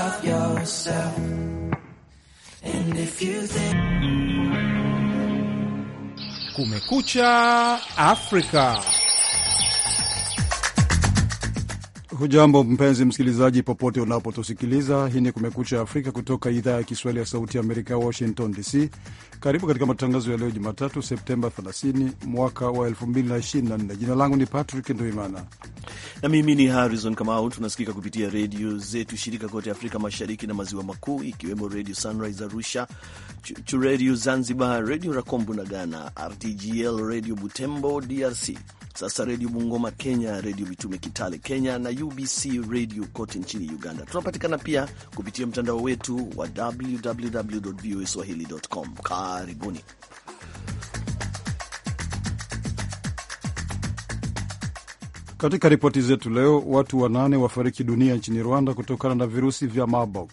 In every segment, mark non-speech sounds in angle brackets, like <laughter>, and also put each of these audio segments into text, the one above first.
love yourself. And if you think... Kumekucha Afrika. Hujambo mpenzi msikilizaji, popote unapotusikiliza. Hii ni Kumekucha Afrika kutoka idhaa ya Kiswahili ya Sauti ya Amerika, Washington DC. Karibu katika matangazo ya leo Jumatatu, Septemba 30 mwaka wa 2024. Jina langu ni Patrick Nduimana na mimi ni Harrison Kamau. Tunasikika kupitia redio zetu shirika kote Afrika Mashariki na Maziwa Makuu, ikiwemo Redio Sunrise Arusha, Chuchu Redio Zanzibar, Redio Rakombu na Ghana, RTGL Redio Butembo DRC, sasa Redio Bungoma Kenya, Redio Mitume Kitale Kenya na UBC Radio kote nchini Uganda. Tunapatikana pia kupitia mtandao wetu wa www voa swahili.com. Karibuni. Katika ripoti zetu leo, watu wanane wafariki dunia nchini Rwanda kutokana na virusi vya Marburg.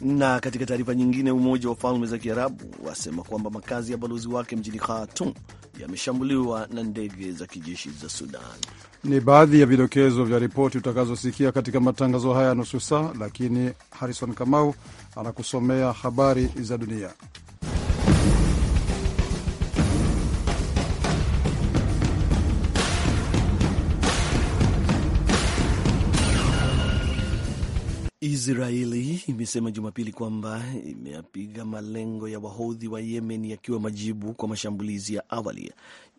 Na katika taarifa nyingine, Umoja wa Falme za Kiarabu wasema kwamba makazi ya balozi wake mjini Khartoum yameshambuliwa na ndege za kijeshi za Sudan. Ni baadhi ya vidokezo vya ripoti utakazosikia katika matangazo haya ya nusu saa, lakini Harrison Kamau anakusomea habari za dunia. Israeli imesema Jumapili kwamba imeyapiga malengo ya wahodhi wa Yemen yakiwa majibu kwa mashambulizi ya awali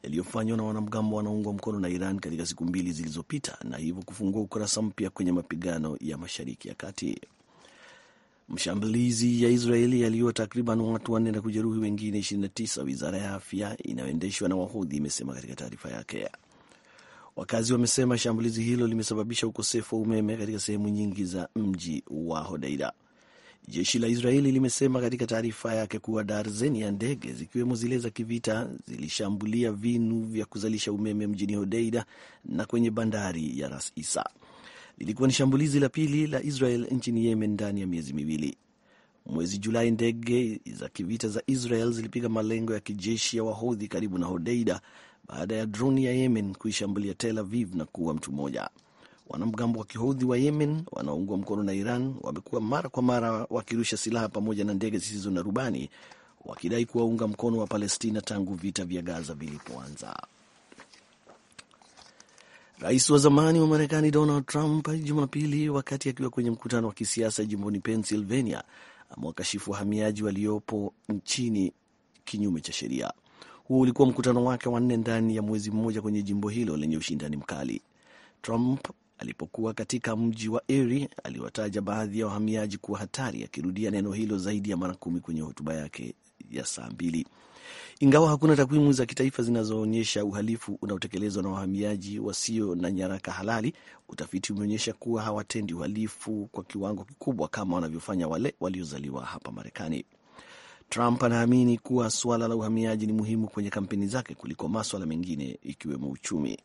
yaliyofanywa na wanamgambo wanaungwa mkono na Iran katika siku mbili zilizopita na hivyo kufungua ukurasa mpya kwenye mapigano ya Mashariki ya Kati. Mashambulizi ya Israeli yaliua takriban watu wanne na kujeruhi wengine 29, wizara ya afya inayoendeshwa na wahodhi imesema katika taarifa yake. Wakazi wamesema shambulizi hilo limesababisha ukosefu wa umeme katika sehemu nyingi za mji wa Hodeida. Jeshi la Israeli limesema katika taarifa yake kuwa darzeni ya ndege zikiwemo zile za kivita zilishambulia vinu vya kuzalisha umeme mjini Hodeida na kwenye bandari ya Ras Isa. Lilikuwa ni shambulizi la pili la Israel nchini Yemen ndani ya miezi miwili. Mwezi Julai, ndege za kivita za Israel zilipiga malengo ya kijeshi ya Wahodhi karibu na Hodeida baada ya droni ya Yemen kuishambulia Tel Aviv na kuua mtu mmoja. Wanamgambo wa kihoudhi wa Yemen wanaoungwa mkono na Iran wamekuwa mara kwa mara wakirusha silaha pamoja na ndege zisizo na rubani wakidai kuwaunga mkono wa Palestina tangu vita vya Gaza vilipoanza. Rais wa zamani wa Marekani Donald Trump Jumapili, wakati akiwa kwenye mkutano wa kisiasa jimboni Pennsylvania, amewakashifu wahamiaji waliopo nchini kinyume cha sheria. Huu ulikuwa mkutano wake wa nne ndani ya mwezi mmoja kwenye jimbo hilo lenye ushindani mkali. Trump alipokuwa katika mji wa Erie aliwataja baadhi ya wahamiaji kuwa hatari, akirudia neno hilo zaidi ya mara kumi kwenye hotuba yake ya saa mbili. Ingawa hakuna takwimu za kitaifa zinazoonyesha uhalifu unaotekelezwa na wahamiaji wasio na nyaraka halali, utafiti umeonyesha kuwa hawatendi uhalifu kwa kiwango kikubwa kama wanavyofanya wale waliozaliwa hapa Marekani. Trump anaamini kuwa suala la uhamiaji ni muhimu kwenye kampeni zake kuliko maswala mengine ikiwemo uchumi.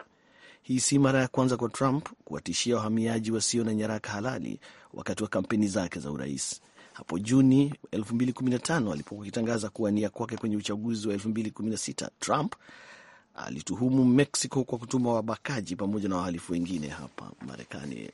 Hii si mara ya kwanza kwa Trump kuwatishia wahamiaji wasio na nyaraka halali wakati wa kampeni zake za urais. Hapo Juni 2015 alipokuwa akitangaza kuwania kwake kwenye uchaguzi wa 2016, Trump alituhumu Mexico kwa kutuma wabakaji pamoja na wahalifu wengine hapa Marekani.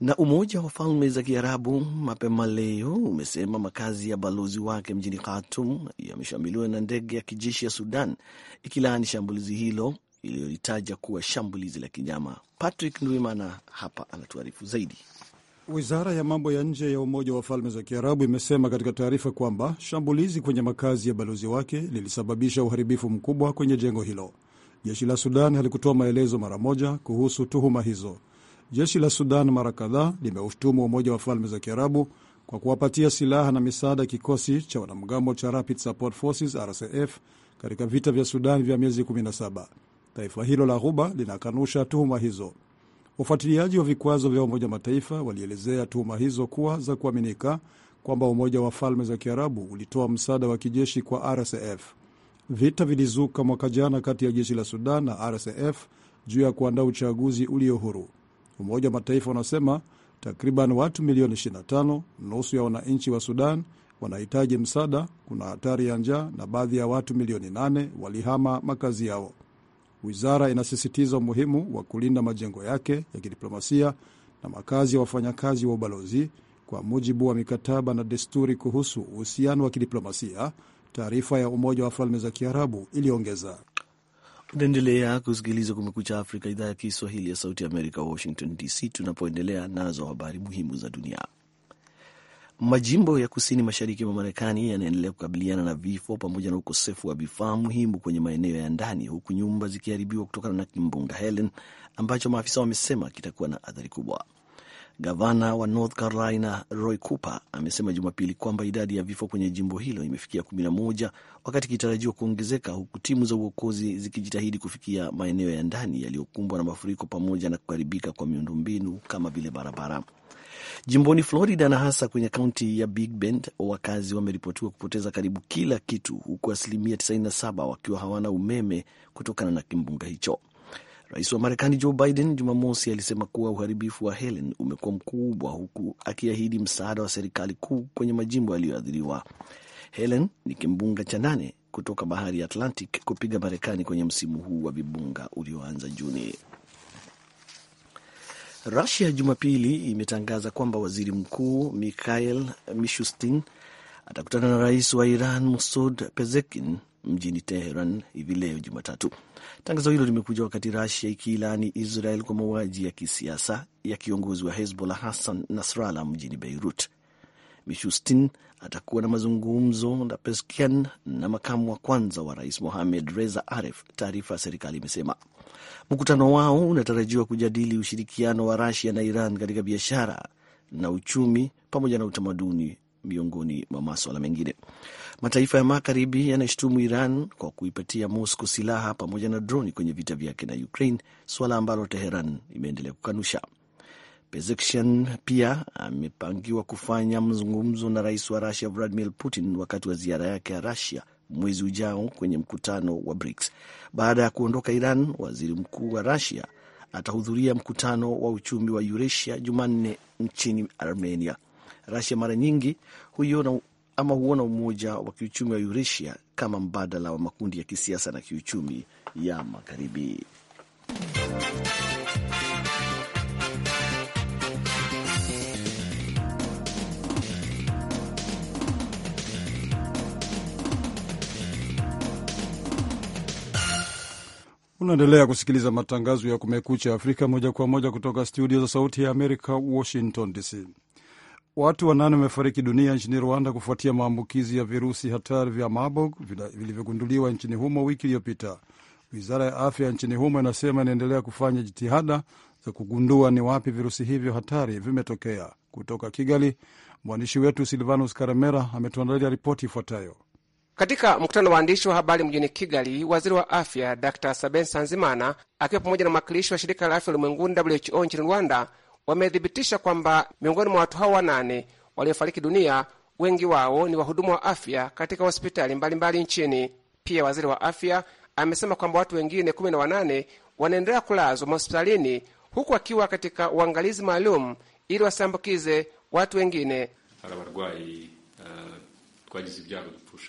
Na Umoja wa Falme za Kiarabu mapema leo umesema makazi ya balozi wake mjini Khartoum yameshambuliwa na ndege ya kijeshi ya Sudan, ikilaani shambulizi hilo iliyolitaja kuwa shambulizi la kinyama. Patrick Ndwimana hapa anatuarifu zaidi. Wizara ya mambo ya nje ya Umoja wa Falme za Kiarabu imesema katika taarifa kwamba shambulizi kwenye makazi ya balozi wake lilisababisha uharibifu mkubwa kwenye jengo hilo. Jeshi la Sudan halikutoa maelezo mara moja kuhusu tuhuma hizo. Jeshi la Sudan mara kadhaa limeushtumu Umoja wa Falme za Kiarabu kwa kuwapatia silaha na misaada kikosi cha wanamgambo cha Rapid Support Forces RSF katika vita vya Sudan vya miezi 17. Taifa hilo la Ghuba linakanusha tuhuma hizo. Wafuatiliaji wa vikwazo vya Umoja Mataifa walielezea tuhuma hizo kuwa za kuaminika, kwamba Umoja wa Falme za Kiarabu ulitoa msaada wa kijeshi kwa RSF. Vita vilizuka mwaka jana kati ya jeshi la Sudan na RSF juu ya kuandaa uchaguzi ulio huru. Umoja wa Mataifa unasema takriban watu milioni 25, nusu ya wananchi wa Sudan wanahitaji msaada. Kuna hatari ya njaa na baadhi ya watu milioni 8 walihama makazi yao. Wizara inasisitiza umuhimu wa kulinda majengo yake ya kidiplomasia na makazi ya wafanyakazi wa ubalozi kwa mujibu wa mikataba na desturi kuhusu uhusiano wa kidiplomasia, taarifa ya Umoja wa Falme za Kiarabu iliongeza. Unaendelea kusikiliza Kumekucha Afrika, idhaa ya Kiswahili ya Sauti ya Amerika, Washington DC, tunapoendelea nazo habari muhimu za dunia. Majimbo ya kusini mashariki mwa Marekani yanaendelea kukabiliana na vifo pamoja na ukosefu wa vifaa muhimu kwenye maeneo ya ndani, huku nyumba zikiharibiwa kutokana na kimbunga Helen ambacho maafisa wamesema kitakuwa na athari kubwa. Gavana wa North Carolina Roy Cooper amesema Jumapili kwamba idadi ya vifo kwenye jimbo hilo imefikia moja wakati ikitarajiwa kuongezeka, huku timu za uokozi zikijitahidi kufikia maeneo ya ndani yaliyokumbwa na mafuriko pamoja na kuharibika kwa miundombinu kama vile barabara. Jimboni Florida na hasa kwenye kaunti ya Big Bend, wakazi wameripotiwa kupoteza karibu kila kitu, huku asilimia 97 wakiwa hawana umeme kutokana na kimbunga hicho. Rais wa Marekani Joe Biden Jumamosi alisema kuwa uharibifu wa Helen umekuwa mkubwa, huku akiahidi msaada wa serikali kuu kwenye majimbo yaliyoathiriwa. Helen ni kimbunga cha nane kutoka bahari ya Atlantic kupiga Marekani kwenye msimu huu wa vibunga ulioanza Juni. Rusia Jumapili imetangaza kwamba waziri mkuu Mikhail Mishustin atakutana na rais wa Iran Masoud Pezekin mjini Teheran hivi leo Jumatatu. Tangazo hilo limekuja wakati rasia ikiilani Israel kwa mauaji ya kisiasa ya kiongozi wa Hezbollah Hassan Nasrallah mjini Beirut. Mishustin atakuwa na mazungumzo na peskian na makamu wa kwanza wa rais Mohamed Reza Aref, taarifa ya serikali imesema. Mkutano wao unatarajiwa kujadili ushirikiano wa Rasia na Iran katika biashara na uchumi pamoja na utamaduni miongoni mwa maswala mengine. Mataifa ya magharibi yanashutumu Iran kwa kuipatia mosco silaha pamoja na droni kwenye vita vyake na Ukraine, suala ambalo Teheran imeendelea kukanusha. Pezeshkian pia amepangiwa kufanya mazungumzo na rais wa Rusia Vladimir Putin wakati wa ziara yake ya Rusia mwezi ujao kwenye mkutano wa BRICS. Baada ya kuondoka Iran, waziri mkuu wa Rusia atahudhuria mkutano wa uchumi wa Eurasia Jumanne nchini Armenia. Rasia mara nyingi huiona ama huona umoja wa kiuchumi wa Eurasia kama mbadala wa makundi ya kisiasa na kiuchumi ya Magharibi. Unaendelea kusikiliza matangazo ya Kumekucha Afrika moja kwa moja kutoka studio za Sauti ya Amerika, Washington DC. Watu wanane wamefariki dunia nchini Rwanda kufuatia maambukizi ya virusi hatari vya Marburg vilivyogunduliwa nchini humo wiki iliyopita. Wizara ya afya nchini humo inasema inaendelea kufanya jitihada za kugundua ni wapi virusi hivyo hatari vimetokea. Kutoka Kigali, mwandishi wetu Silvanus Karemera ametuandalia ripoti ifuatayo. Katika mkutano wa waandishi wa habari mjini Kigali, waziri wa afya Dr Saben Sanzimana akiwa pamoja na mwakilishi wa shirika la afya ulimwenguni WHO nchini Rwanda wamethibitisha kwamba miongoni mwa watu hao wanane waliofariki dunia, wengi wao ni wahudumu wa afya katika hospitali mbalimbali nchini. Pia waziri wa afya amesema kwamba watu wengine kumi na wanane wanaendelea kulazwa mahospitalini huku wakiwa katika uangalizi maalum ili wasiambukize watu wengine.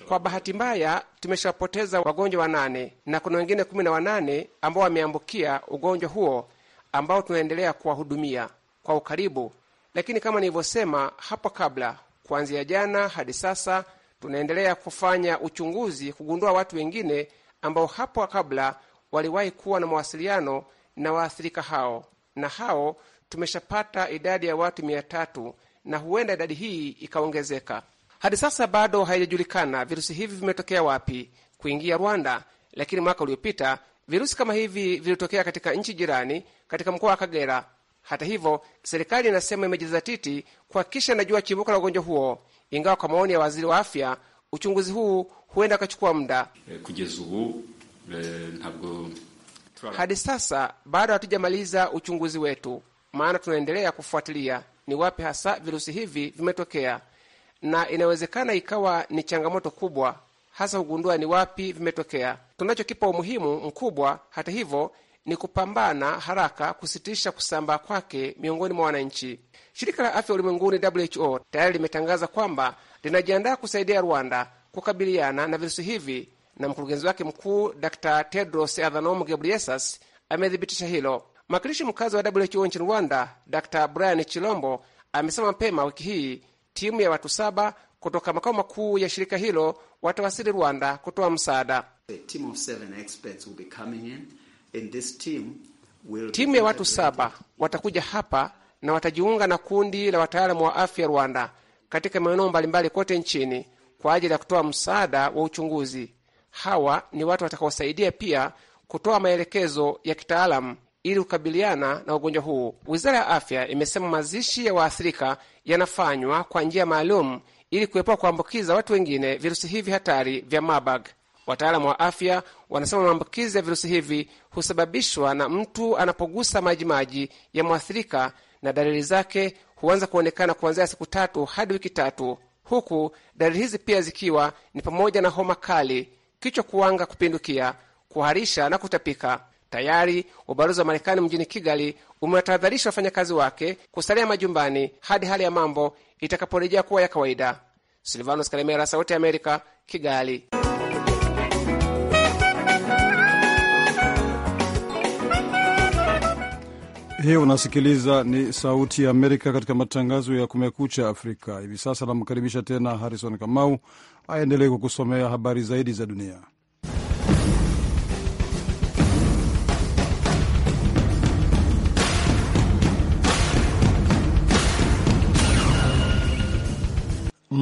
Kwa bahati mbaya tumeshawapoteza wagonjwa wanane na kuna wengine kumi na wanane ambao wameambukia ugonjwa huo ambao tunaendelea kuwahudumia kwa ukaribu, lakini kama nilivyosema hapo kabla, kuanzia jana hadi sasa tunaendelea kufanya uchunguzi kugundua watu wengine ambao hapo kabla waliwahi kuwa na mawasiliano na waathirika hao, na hao tumeshapata idadi ya watu mia tatu na huenda idadi hii ikaongezeka. Hadi sasa bado haijajulikana virusi hivi vimetokea wapi kuingia Rwanda, lakini mwaka uliopita virusi kama hivi vilitokea katika nchi jirani, katika mkoa wa Kagera hata hivyo, serikali inasema imejizatiti kuhakikisha inajua chimbuko la ugonjwa huo, ingawa kwa maoni ya waziri wa afya uchunguzi huu huenda ukachukua muda. Eh, eh, Hadi sasa bado hatujamaliza uchunguzi wetu, maana tunaendelea kufuatilia ni wapi hasa virusi hivi vimetokea, na inawezekana ikawa ni changamoto kubwa hasa kugundua ni wapi vimetokea. Tunachokipa umuhimu mkubwa, hata hivyo, ni kupambana haraka kusitisha kusambaa kwake miongoni mwa wananchi. Shirika la Afya Ulimwenguni WHO tayari limetangaza kwamba linajiandaa kusaidia Rwanda kukabiliana na virusi hivi, na mkurugenzi wake mkuu Dr Tedros Adhanom Ghebreyesus amethibitisha hilo. Mwakilishi mkazi wa WHO nchini Rwanda Dr Brian Chilombo amesema mapema wiki hii timu ya watu saba kutoka makao makuu ya shirika hilo watawasili Rwanda kutoa msaada. A team of seven experts will be coming in. Timu ya watu saba watakuja hapa na watajiunga na kundi la wataalamu wa afya Rwanda katika maeneo mbalimbali kote nchini kwa ajili ya kutoa msaada wa uchunguzi. Hawa ni watu watakaosaidia pia kutoa maelekezo ya kitaalamu ili kukabiliana na ugonjwa huu. Wizara ya Afya imesema mazishi ya waathirika yanafanywa kwa njia maalum ili kuepuka kuambukiza watu wengine virusi hivi hatari vya Marburg. Wataalamu wa afya wanasema maambukizi ya virusi hivi husababishwa na mtu anapogusa majimaji ya mwathirika, na dalili zake huanza kuonekana kuanzia siku tatu hadi wiki tatu, huku dalili hizi pia zikiwa ni pamoja na homa kali, kichwa kuwanga kupindukia, kuharisha na kutapika. Tayari ubalozi wa Marekani mjini Kigali umewatahadharisha wafanyakazi wake kusalia majumbani hadi hali ya mambo itakaporejea kuwa ya kawaida. Silvanos Kalemera, Sauti ya Amerika, Kigali. Hii unasikiliza ni Sauti ya Amerika katika matangazo ya Kumekucha Afrika. Hivi sasa namkaribisha tena Harrison Kamau aendelee kukusomea habari zaidi za dunia.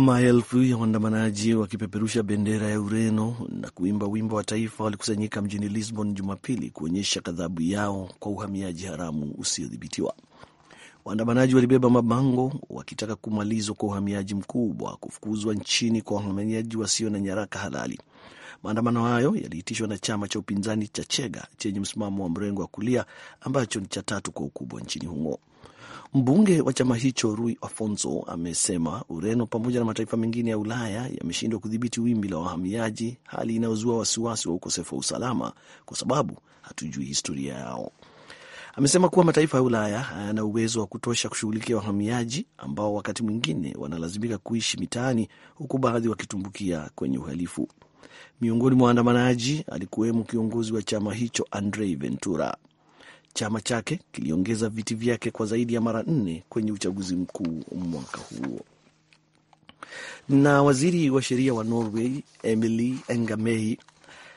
Maelfu ya waandamanaji wakipeperusha bendera ya Ureno na kuimba wimbo wa taifa walikusanyika mjini Lisbon Jumapili kuonyesha ghadhabu yao kwa uhamiaji haramu usiodhibitiwa. Waandamanaji walibeba mabango wakitaka kumalizwa kwa uhamiaji mkubwa, kufukuzwa nchini kwa wahamiaji wasio na nyaraka halali. Maandamano hayo yaliitishwa na chama cha upinzani cha Chega chenye msimamo wa mrengo wa kulia ambacho ni cha tatu kwa ukubwa nchini humo. Mbunge wa chama hicho Rui Afonso amesema Ureno pamoja na mataifa mengine ya Ulaya yameshindwa kudhibiti wimbi la wahamiaji, hali inayozua wasiwasi wa ukosefu wa usalama kwa sababu hatujui historia yao. Amesema kuwa mataifa ya Ulaya hayana uwezo wa kutosha kushughulikia wahamiaji ambao wakati mwingine wanalazimika kuishi mitaani, huku baadhi wakitumbukia kwenye uhalifu. Miongoni mwa waandamanaji alikuwemo kiongozi wa chama hicho Andrei Ventura. Chama chake kiliongeza viti vyake kwa zaidi ya mara nne kwenye uchaguzi mkuu mwaka huo. Na waziri wa sheria wa Norway Emily Engamei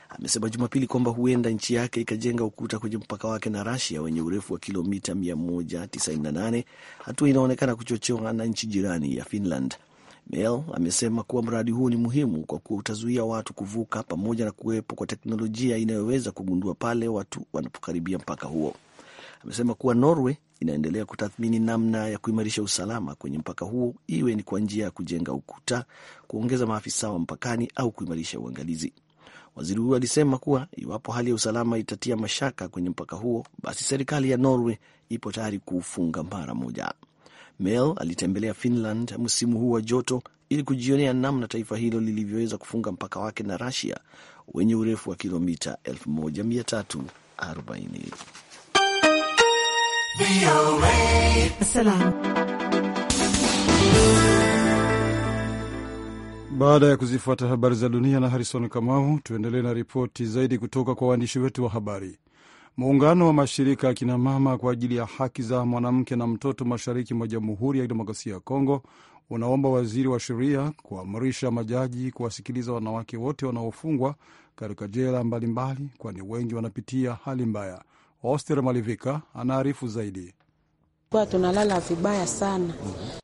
amesema Jumapili kwamba huenda nchi yake ikajenga ukuta kwenye mpaka wake na Rasia wenye urefu wa kilomita 198, hatua inaonekana kuchochewa na nchi jirani ya Finland. Mel amesema kuwa mradi huo ni muhimu kwa kuwa utazuia watu kuvuka pamoja na kuwepo kwa teknolojia inayoweza kugundua pale watu wanapokaribia mpaka huo. Amesema kuwa Norway inaendelea kutathmini namna ya kuimarisha usalama kwenye mpaka huo, iwe ni kwa njia ya kujenga ukuta, kuongeza maafisa wa mpakani au kuimarisha uangalizi. Waziri huyo alisema kuwa iwapo hali ya usalama itatia mashaka kwenye mpaka huo, basi serikali ya Norway ipo tayari kuufunga mara moja. Mel alitembelea Finland msimu huu wa joto ili kujionea namna taifa hilo lilivyoweza kufunga mpaka wake na Russia wenye urefu wa kilomita 1340. Baada ya kuzifuata habari za dunia na Harison Kamau, tuendelee na ripoti zaidi kutoka kwa waandishi wetu wa habari. Muungano wa mashirika ya kinamama kwa ajili ya haki za mwanamke na mtoto mashariki mwa Jamhuri ya Kidemokrasia ya Kongo unaomba waziri wa sheria kuamrisha majaji kuwasikiliza wanawake wote wanaofungwa katika jela mbalimbali, kwani wengi wanapitia hali mbaya. Oster Malivika anaarifu zaidi. Kwa tunalala vibaya sana.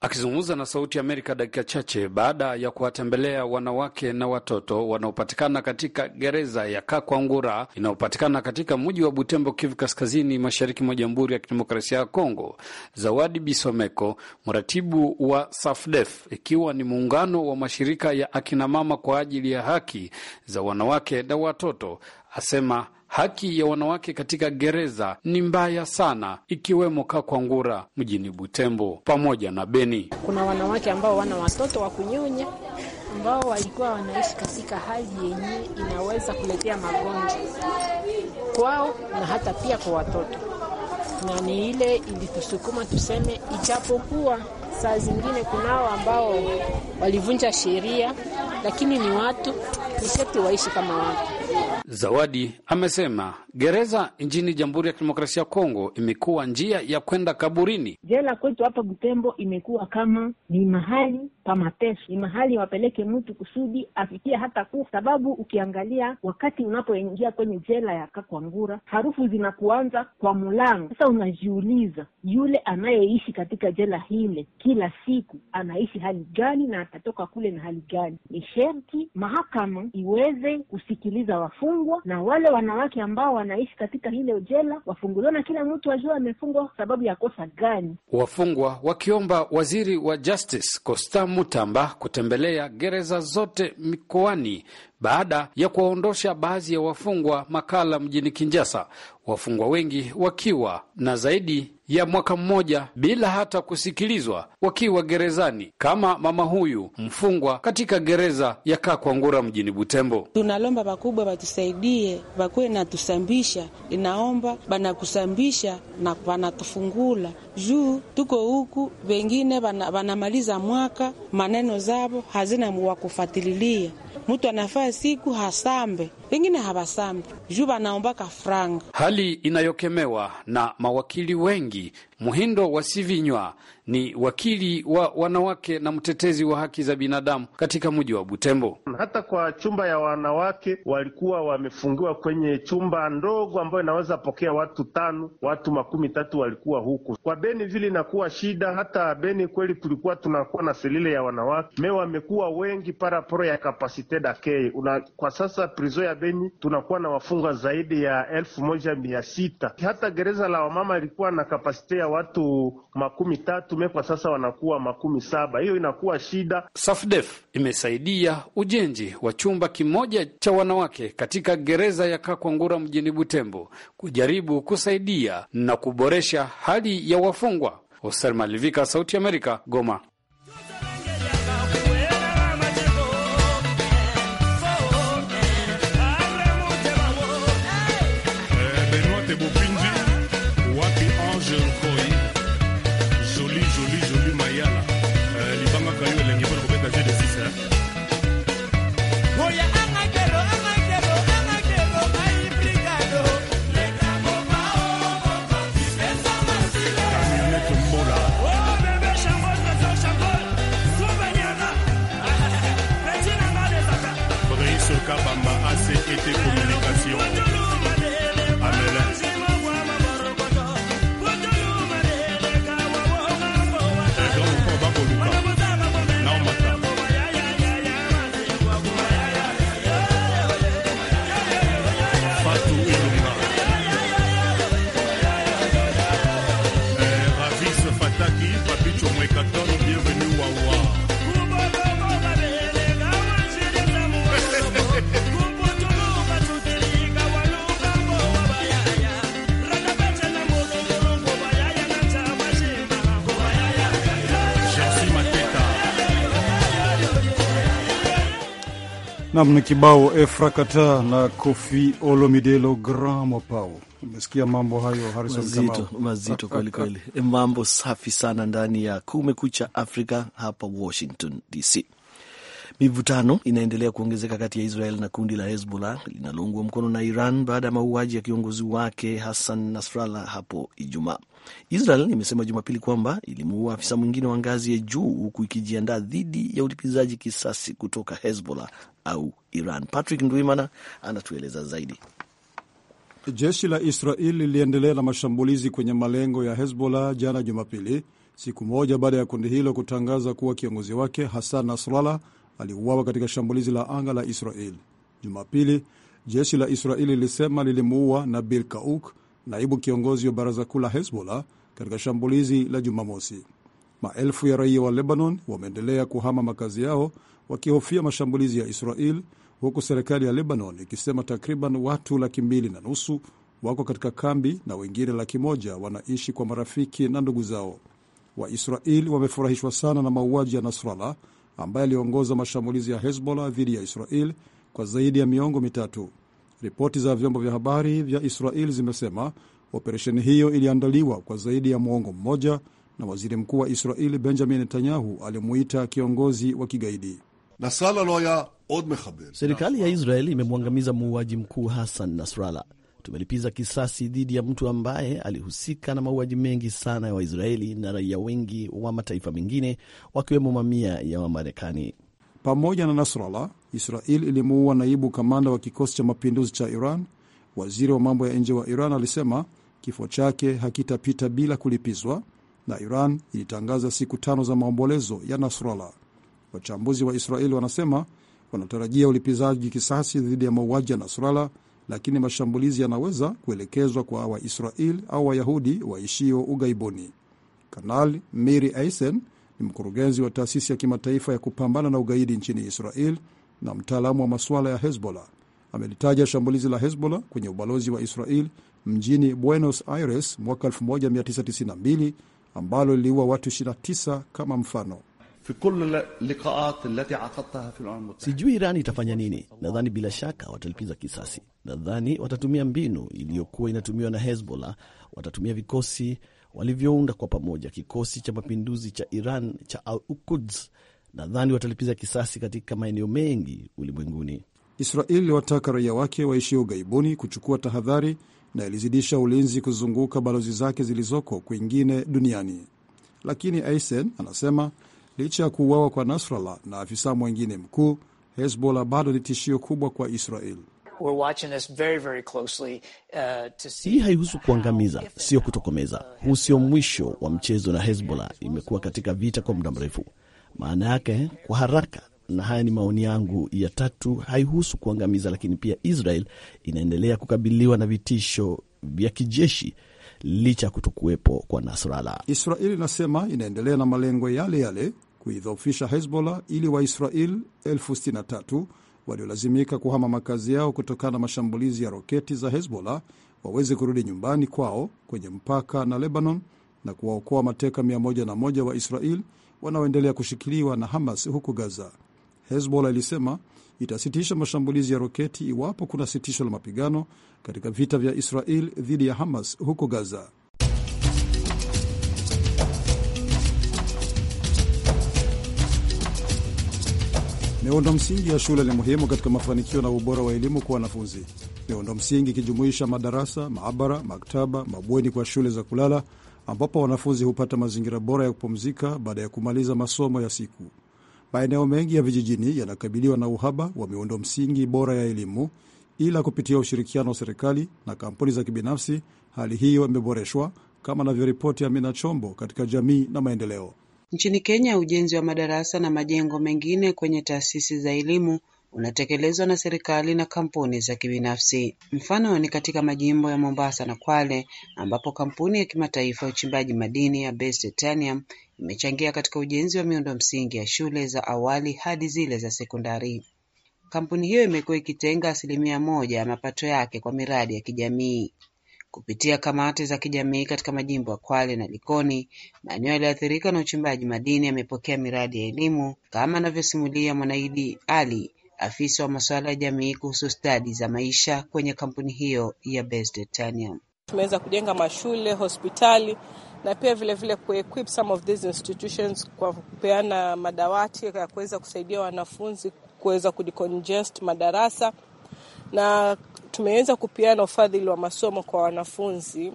Akizungumza na Sauti Amerika dakika chache baada ya kuwatembelea wanawake na watoto wanaopatikana katika gereza ya Kakwangura inayopatikana katika mji wa Butembo, Kivu Kaskazini, mashariki mwa Jamhuri ya Kidemokrasia ya Kongo, Zawadi Bisomeko, mratibu wa SAFDEF, ikiwa ni muungano wa mashirika ya akinamama kwa ajili ya haki za wanawake na watoto, asema haki ya wanawake katika gereza ni mbaya sana, ikiwemo Kakwangura mjini Butembo pamoja na Beni. Kuna wanawake ambao wana watoto wa kunyonya ambao walikuwa wanaishi katika hali yenye inaweza kuletea magonjwa kwao na hata pia kwa watoto, na ni ile ilitusukuma tuseme, ijapokuwa saa zingine kunao ambao walivunja sheria, lakini ni watu nishetu waishi kama watu. Zawadi amesema gereza nchini Jamhuri ya Kidemokrasia ya Kongo imekuwa njia ya kwenda kaburini. Jela kwetu hapa Butembo imekuwa kama ni mahali pa mateso, ni mahali wapeleke mtu kusudi afikie hata kufa, sababu ukiangalia wakati unapoingia kwenye jela ya Kakwangura harufu zinakuanza kwa mlango. Sasa unajiuliza yule anayeishi katika jela hile kila siku anaishi hali gani na atatoka kule na hali gani. Ni sherti mahakama iweze kusikiliza wafungwa na wale wanawake ambao wanaishi katika hile jela wafunguliwe, na kila mtu ajue amefungwa sababu ya kosa gani. Wafungwa wakiomba waziri wa Justice Costa Mutamba kutembelea gereza zote mikoani baada ya kuwaondosha baadhi ya wafungwa makala mjini Kinjasa, wafungwa wengi wakiwa na zaidi ya mwaka mmoja bila hata kusikilizwa wakiwa gerezani, kama mama huyu mfungwa katika gereza ya Kakwangura mjini Butembo. Tunalomba bakubwa watusaidie bakuwe natusambisha, inaomba banakusambisha na banatufungula juu tuko huku, wengine wanamaliza mwaka, maneno zavo hazina wakufatililia, mtu anafaa siku hasambe wengine hawasambi juu ka franga, hali inayokemewa na mawakili wengi. Muhindo wa Sivinywa ni wakili wa wanawake na mtetezi wa haki za binadamu katika mji wa Butembo. Hata kwa chumba ya wanawake walikuwa wamefungiwa kwenye chumba ndogo ambayo inaweza pokea watu tano, watu makumi tatu walikuwa huku. Kwa Beni vile inakuwa shida, hata Beni kweli tulikuwa tunakuwa na selile ya wanawake me wamekuwa wengi paraporo ya kapasite una kwa sasa prizo ya Beni tunakuwa na wafungwa zaidi ya elfu moja mia sita. Hata gereza la wamama ilikuwa na kapasite ya watu makumi tatu me kwa sasa wanakuwa makumi saba. Hiyo inakuwa shida. SAFDEF imesaidia ujenzi wa chumba kimoja cha wanawake katika gereza ya Kakwangura mjini Butembo kujaribu kusaidia na kuboresha hali ya wafungwa. Hoser Malivika, Sauti Amerika, Goma. nam ni kibao Efra Kata na Kofi Olomidelo gramo pao. Umesikia mambo hayo, Harrison mazito, mazito kweli kweli. <laughs> Mambo safi sana ndani ya Kumekucha Afrika hapa Washington DC. Mivutano inaendelea kuongezeka kati ya Israel na kundi la Hezbollah linaloungwa mkono na Iran baada ya mauaji ya kiongozi wake Hassan Nasrallah hapo Ijumaa. Israel imesema Jumapili kwamba ilimuua afisa mwingine wa ngazi ya juu huku ikijiandaa dhidi ya ulipizaji kisasi kutoka Hezbollah au Iran. Patrick Ndwimana anatueleza zaidi. Jeshi la Israel liliendelea na mashambulizi kwenye malengo ya Hezbollah jana Jumapili, siku moja baada ya kundi hilo kutangaza kuwa kiongozi wake Hassan Nasrallah aliuawa katika shambulizi la anga la Israel. Jumapili jeshi la Israeli lilisema lilimuua Nabil Kauk, naibu kiongozi wa baraza kuu la Hezbollah, katika shambulizi la Jumamosi. Maelfu ya raia wa Lebanon wameendelea kuhama makazi yao wakihofia mashambulizi ya Israel, huku serikali ya Lebanon ikisema takriban watu laki mbili na nusu wako katika kambi na wengine laki moja wanaishi kwa marafiki na ndugu zao. Waisraeli wamefurahishwa sana na mauaji ya Nasrallah ambaye aliongoza mashambulizi ya Hezbollah dhidi ya Israel kwa zaidi ya miongo mitatu. Ripoti za vyombo vya habari vya Israel zimesema operesheni hiyo iliandaliwa kwa zaidi ya mwongo mmoja, na waziri mkuu wa Israel Benjamin Netanyahu alimuita kiongozi wa kigaidi. Serikali ya Israeli imemwangamiza muuaji mkuu Hassan Nasrallah Tumelipiza kisasi dhidi ya mtu ambaye alihusika na mauaji mengi sana ya Waisraeli na raia wengi wa mataifa mengine wakiwemo mamia ya Wamarekani. Pamoja na Nasrallah, Israel ilimuua naibu kamanda wa kikosi cha mapinduzi cha Iran. Waziri wa mambo ya nje wa Iran alisema kifo chake hakitapita bila kulipizwa, na Iran ilitangaza siku tano za maombolezo ya Nasrallah. Wachambuzi wa Israeli wanasema wanatarajia ulipizaji kisasi dhidi ya mauaji ya Nasrallah lakini mashambulizi yanaweza kuelekezwa kwa Waisrael au Wayahudi waishio ughaibuni. Kanal Miri Eisen ni mkurugenzi wa taasisi ya kimataifa ya kupambana na ugaidi nchini Israel na mtaalamu wa masuala ya Hezbollah. Amelitaja shambulizi la Hezbollah kwenye ubalozi wa Israel mjini Buenos Aires mwaka 1992 ambalo liliua watu 29 kama mfano. Sijui Iran itafanya nini. Nadhani bila shaka watalipiza kisasi. Nadhani watatumia mbinu iliyokuwa inatumiwa na Hezbollah. Watatumia vikosi walivyounda kwa pamoja, kikosi cha mapinduzi cha Iran cha Al-Quds. Nadhani watalipiza kisasi katika maeneo mengi ulimwenguni. Israeli iliwataka raia wake waishie ughaibuni kuchukua tahadhari na ilizidisha ulinzi kuzunguka balozi zake zilizoko kwingine duniani, lakini Aisen anasema Licha ya kuuawa kwa Nasrallah na afisa mwingine mkuu, Hezbollah bado ni tishio kubwa kwa Israel. Very, very closely, uh, to see hii haihusu kuangamiza, sio kutokomeza. Huu sio mwisho wa mchezo, na Hezbollah imekuwa katika vita kwa muda mrefu. Maana yake kwa haraka, na haya ni maoni yangu ya tatu, haihusu kuangamiza, lakini pia Israel inaendelea kukabiliwa na vitisho vya kijeshi licha ya kutokuwepo kwa nasrala Israeli inasema inaendelea na malengo yale yale, kuidhoofisha Hezbollah ili Waisraeli elfu sitini na tatu waliolazimika kuhama makazi yao kutokana na mashambulizi ya roketi za Hezbollah waweze kurudi nyumbani kwao kwenye mpaka na Lebanon na kuwaokoa mateka 101 wa Israel wanaoendelea kushikiliwa na Hamas huko Gaza. Hezbollah ilisema itasitisha mashambulizi ya roketi iwapo kuna sitisho la mapigano katika vita vya Israel dhidi ya Hamas huko Gaza. Miundo msingi ya shule ni muhimu katika mafanikio na ubora wa elimu kwa wanafunzi. Miundo msingi ikijumuisha madarasa, maabara, maktaba, mabweni kwa shule za kulala, ambapo wanafunzi hupata mazingira bora ya kupumzika baada ya kumaliza masomo ya siku. Maeneo mengi ya vijijini yanakabiliwa na uhaba wa miundo msingi bora ya elimu, ila kupitia ushirikiano wa serikali na kampuni za kibinafsi hali hiyo imeboreshwa, kama anavyoripoti Amina Chombo katika Jamii na Maendeleo. Nchini Kenya, ujenzi wa madarasa na majengo mengine kwenye taasisi za elimu unatekelezwa na serikali na kampuni za kibinafsi. Mfano ni katika majimbo ya Mombasa na Kwale, ambapo kampuni ya kimataifa ya uchimbaji madini ya Base Titanium imechangia katika ujenzi wa miundo msingi ya shule za awali hadi zile za sekondari. Kampuni hiyo imekuwa ikitenga asilimia moja ya mapato yake kwa miradi ya kijamii kupitia kamati za kijamii katika majimbo ya Kwale na Likoni. Maeneo yaliyoathirika na uchimbaji madini yamepokea miradi ya elimu kama anavyosimulia Mwanaidi Ali, afisa wa masuala ya jamii kuhusu stadi za maisha kwenye kampuni hiyo ya Best Titanium. Tumeweza kujenga mashule, hospitali na pia vilevile kuequip some of these institutions kwa kupeana madawati ya kuweza kusaidia wanafunzi kuweza kudecongest madarasa, na tumeweza kupeana ufadhili wa masomo kwa wanafunzi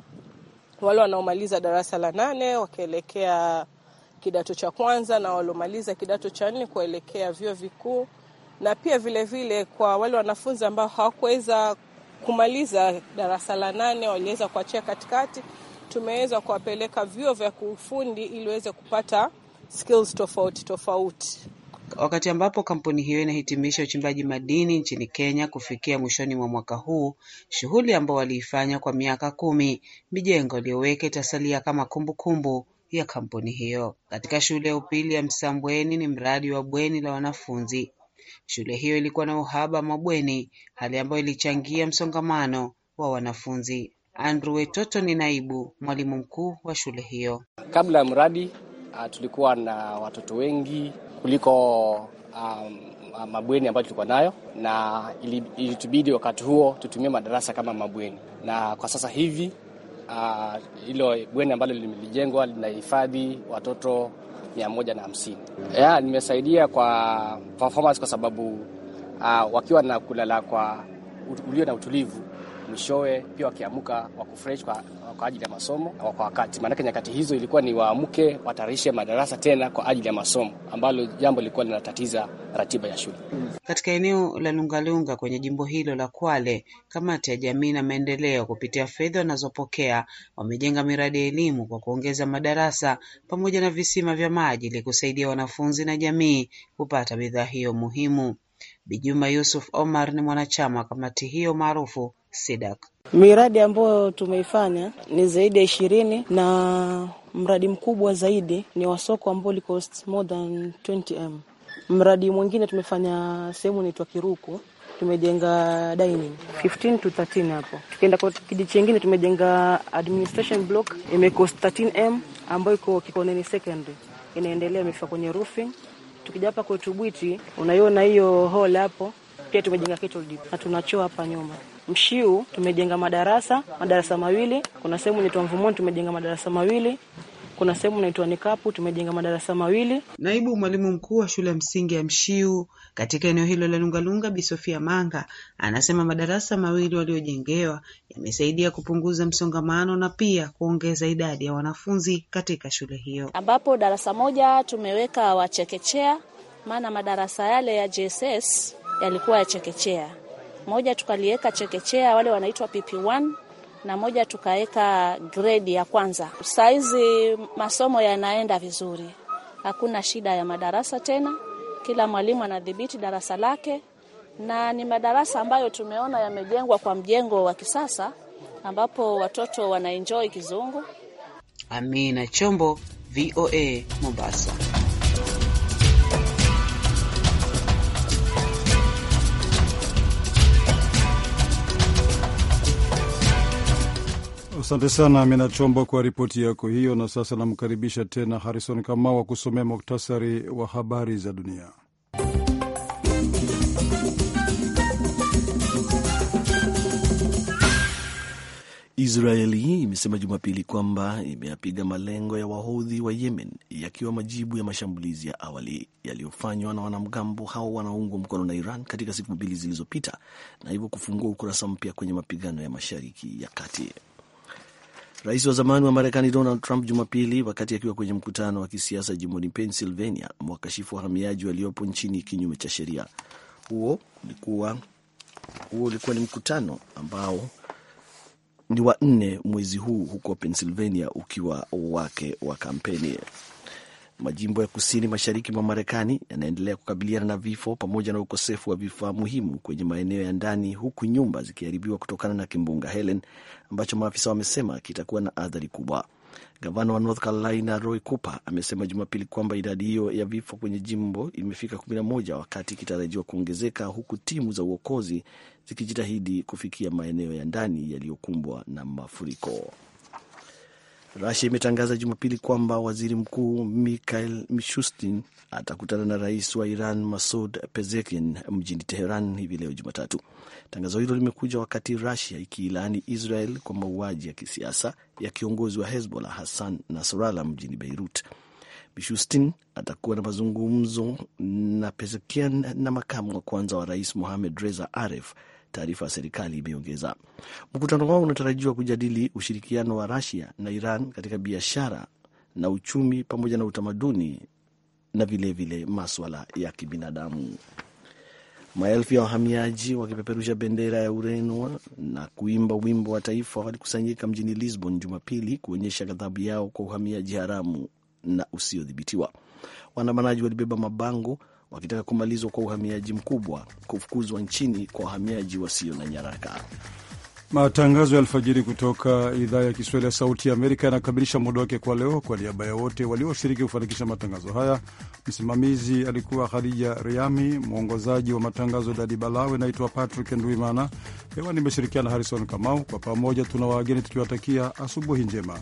wale wanaomaliza darasa la nane wakielekea kidato cha kwanza na waliomaliza kidato cha nne kuelekea vyuo vikuu, na pia vilevile vile kwa wale wanafunzi ambao hawakuweza kumaliza darasa la nane waliweza kuachia katikati tumeweza kuwapeleka vyuo vya kiufundi ili waweze kupata skills tofauti tofauti. Wakati ambapo kampuni hiyo inahitimisha uchimbaji madini nchini Kenya kufikia mwishoni mwa mwaka huu, shughuli ambao waliifanya kwa miaka kumi, mijengo iliyoweka itasalia kama kumbukumbu kumbu ya kampuni hiyo. Katika shule ya upili ya Msambweni ni mradi wa bweni la wanafunzi. Shule hiyo ilikuwa na uhaba wa mabweni, hali ambayo ilichangia msongamano wa wanafunzi. Andrew Watoto ni naibu mwalimu mkuu wa shule hiyo. Kabla ya mradi uh, tulikuwa na watoto wengi kuliko um, mabweni ambayo tulikuwa nayo na ilitubidi wakati huo tutumie madarasa kama mabweni, na kwa sasa hivi ah, hilo uh, bweni ambalo lilijengwa linahifadhi watoto mia moja na hamsini. Yeah, nimesaidia kwa performance kwa sababu uh, wakiwa na kulala kwa ulio na utulivu mwishowe pia wakiamka wakufresh kwa, kwa ajili ya masomo kwa wakati, maanake nyakati hizo ilikuwa ni waamke watarishe madarasa tena kwa ajili ya masomo, ambalo jambo lilikuwa linatatiza ratiba ya shule. Katika eneo la Lungalunga kwenye jimbo hilo la Kwale, kamati ya jamii na maendeleo kupitia fedha wanazopokea wamejenga miradi ya elimu kwa kuongeza madarasa pamoja na visima vya maji ili kusaidia wanafunzi na jamii kupata bidhaa hiyo muhimu. Bijuma Yusuf Omar ni mwanachama wa kamati hiyo maarufu SEDAK. Miradi ambayo tumeifanya ni zaidi ya ishirini na mradi mkubwa zaidi ni wa soko ambao li more than 20m. Mradi mwingine tumefanya sehemu inaitwa Kiruku, tumejenga dining 15 to 13 hapo. Tukienda kwa kijiji kingine tumejenga administration block imecost 13m ambayo iko Kikoneni secondary, inaendelea imefika kwenye roofing. Tukija hapa kwetu Bwiti, unaiona hiyo hall hapo, pia tumejenga kettle dip na tunachoa hapa nyuma. Mshiu tumejenga madarasa madarasa mawili. Kuna sehemu inaitwa Mvumoni tumejenga madarasa mawili. Kuna sehemu inaitwa Nikapu tumejenga madarasa mawili. Naibu mwalimu mkuu wa shule ya msingi ya Mshiu katika eneo hilo la Lungalunga, bisofia Manga anasema madarasa mawili waliojengewa yamesaidia kupunguza msongamano na pia kuongeza idadi ya wanafunzi katika shule hiyo, ambapo darasa moja tumeweka wachekechea, maana madarasa yale ya JSS yalikuwa ya chekechea moja tukaliweka chekechea, wale wanaitwa PP1 na moja tukaweka gredi ya kwanza. sahizi masomo yanaenda vizuri, hakuna shida ya madarasa tena. Kila mwalimu anadhibiti darasa lake, na ni madarasa ambayo tumeona yamejengwa kwa mjengo wa kisasa ambapo watoto wanaenjoi kizungu. Amina Chombo, VOA, Mombasa. Asante sana Amina Chombo kwa ripoti yako hiyo. Na sasa namkaribisha tena Harison Kamau wa kusomea muktasari wa habari za dunia. Israeli imesema Jumapili kwamba imeyapiga malengo ya wahodhi wa Yemen yakiwa majibu ya mashambulizi ya awali yaliyofanywa na wanamgambo hao wanaoungwa mkono na Iran katika siku mbili zilizopita na hivyo kufungua ukurasa mpya kwenye mapigano ya Mashariki ya Kati. Rais wa zamani wa Marekani Donald Trump Jumapili, wakati akiwa kwenye mkutano wa kisiasa jimboni Pennsylvania, mwakashifu wahamiaji waliopo nchini kinyume cha sheria. Huo ulikuwa huo ulikuwa ni mkutano ambao ni wa nne mwezi huu huko Pennsylvania ukiwa wake wa kampeni. Majimbo ya kusini mashariki mwa Marekani yanaendelea kukabiliana na vifo pamoja na ukosefu wa vifaa muhimu kwenye maeneo ya ndani, huku nyumba zikiharibiwa kutokana na kimbunga Helen ambacho maafisa wamesema kitakuwa na athari kubwa. Gavana wa North Carolina Roy Cooper amesema Jumapili kwamba idadi hiyo ya vifo kwenye jimbo imefika 11 wakati ikitarajiwa kuongezeka, huku timu za uokozi zikijitahidi kufikia maeneo ya ndani yaliyokumbwa na mafuriko. Rusia imetangaza Jumapili kwamba waziri mkuu Mikhail Mishustin atakutana na rais wa Iran Masud Pezekin mjini Teheran hivi leo Jumatatu. Tangazo hilo limekuja wakati Rusia ikiilaani Israel kwa mauaji ya kisiasa ya kiongozi wa Hezbollah Hassan Nasrallah mjini Beirut. Mishustin atakuwa na mazungumzo na Pezekian na makamu wa kwanza wa rais Mohamed Reza Aref taarifa ya serikali imeongeza. Mkutano wao unatarajiwa kujadili ushirikiano wa Rusia na Iran katika biashara na uchumi pamoja na utamaduni na vilevile maswala ya kibinadamu. Maelfu ya wahamiaji wakipeperusha bendera ya Ureno na kuimba wimbo wa taifa walikusanyika mjini Lisbon Jumapili kuonyesha ghadhabu yao kwa uhamiaji haramu na usiodhibitiwa. Waandamanaji walibeba mabango wakitaka kumalizwa kwa uhamiaji mkubwa, kufukuzwa nchini kwa wahamiaji wasio na nyaraka. Matangazo ya alfajiri kutoka idhaa ya Kiswahili ya Sauti ya Amerika yanakamilisha muda wake kwa leo. Kwa niaba ya wote walioshiriki kufanikisha matangazo haya, msimamizi alikuwa Khadija Riami, mwongozaji wa matangazo Dadi Balawe. Naitwa Patrick Ndwimana, hewani nimeshirikiana Harrison Kamau. Kwa pamoja tuna wageni tukiwatakia asubuhi njema.